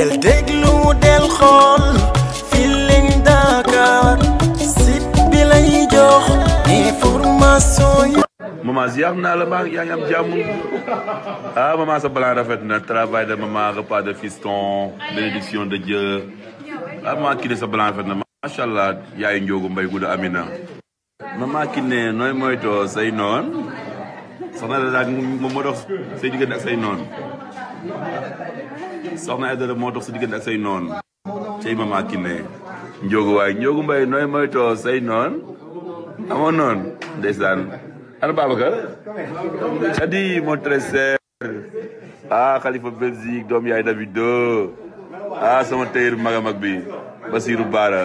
del déglu del xool Feeling Dakar site lay jox information yi maman ziar naa la baax yaa ngi am jàmm ah sa plan rafet na travail de maman repas de fiston bénédiction de Dieu ah maman kii sa plan rafet na macha allah yaayu mbay gudd amina maman kii nooy moytoo say noon soxna Aïdara moom moo dox say diggante ak say noon soxna Aïdara moo dox sa diggante ak say noon cey mama Kiné njóogu waay mbay nooy moytoo say noon amoon noon ndeysaan ana Babacar Chadi mon très cher ah, Khalifa Belgique doom yaay Davido ah sama teyir mag a mag bi Basirou Bara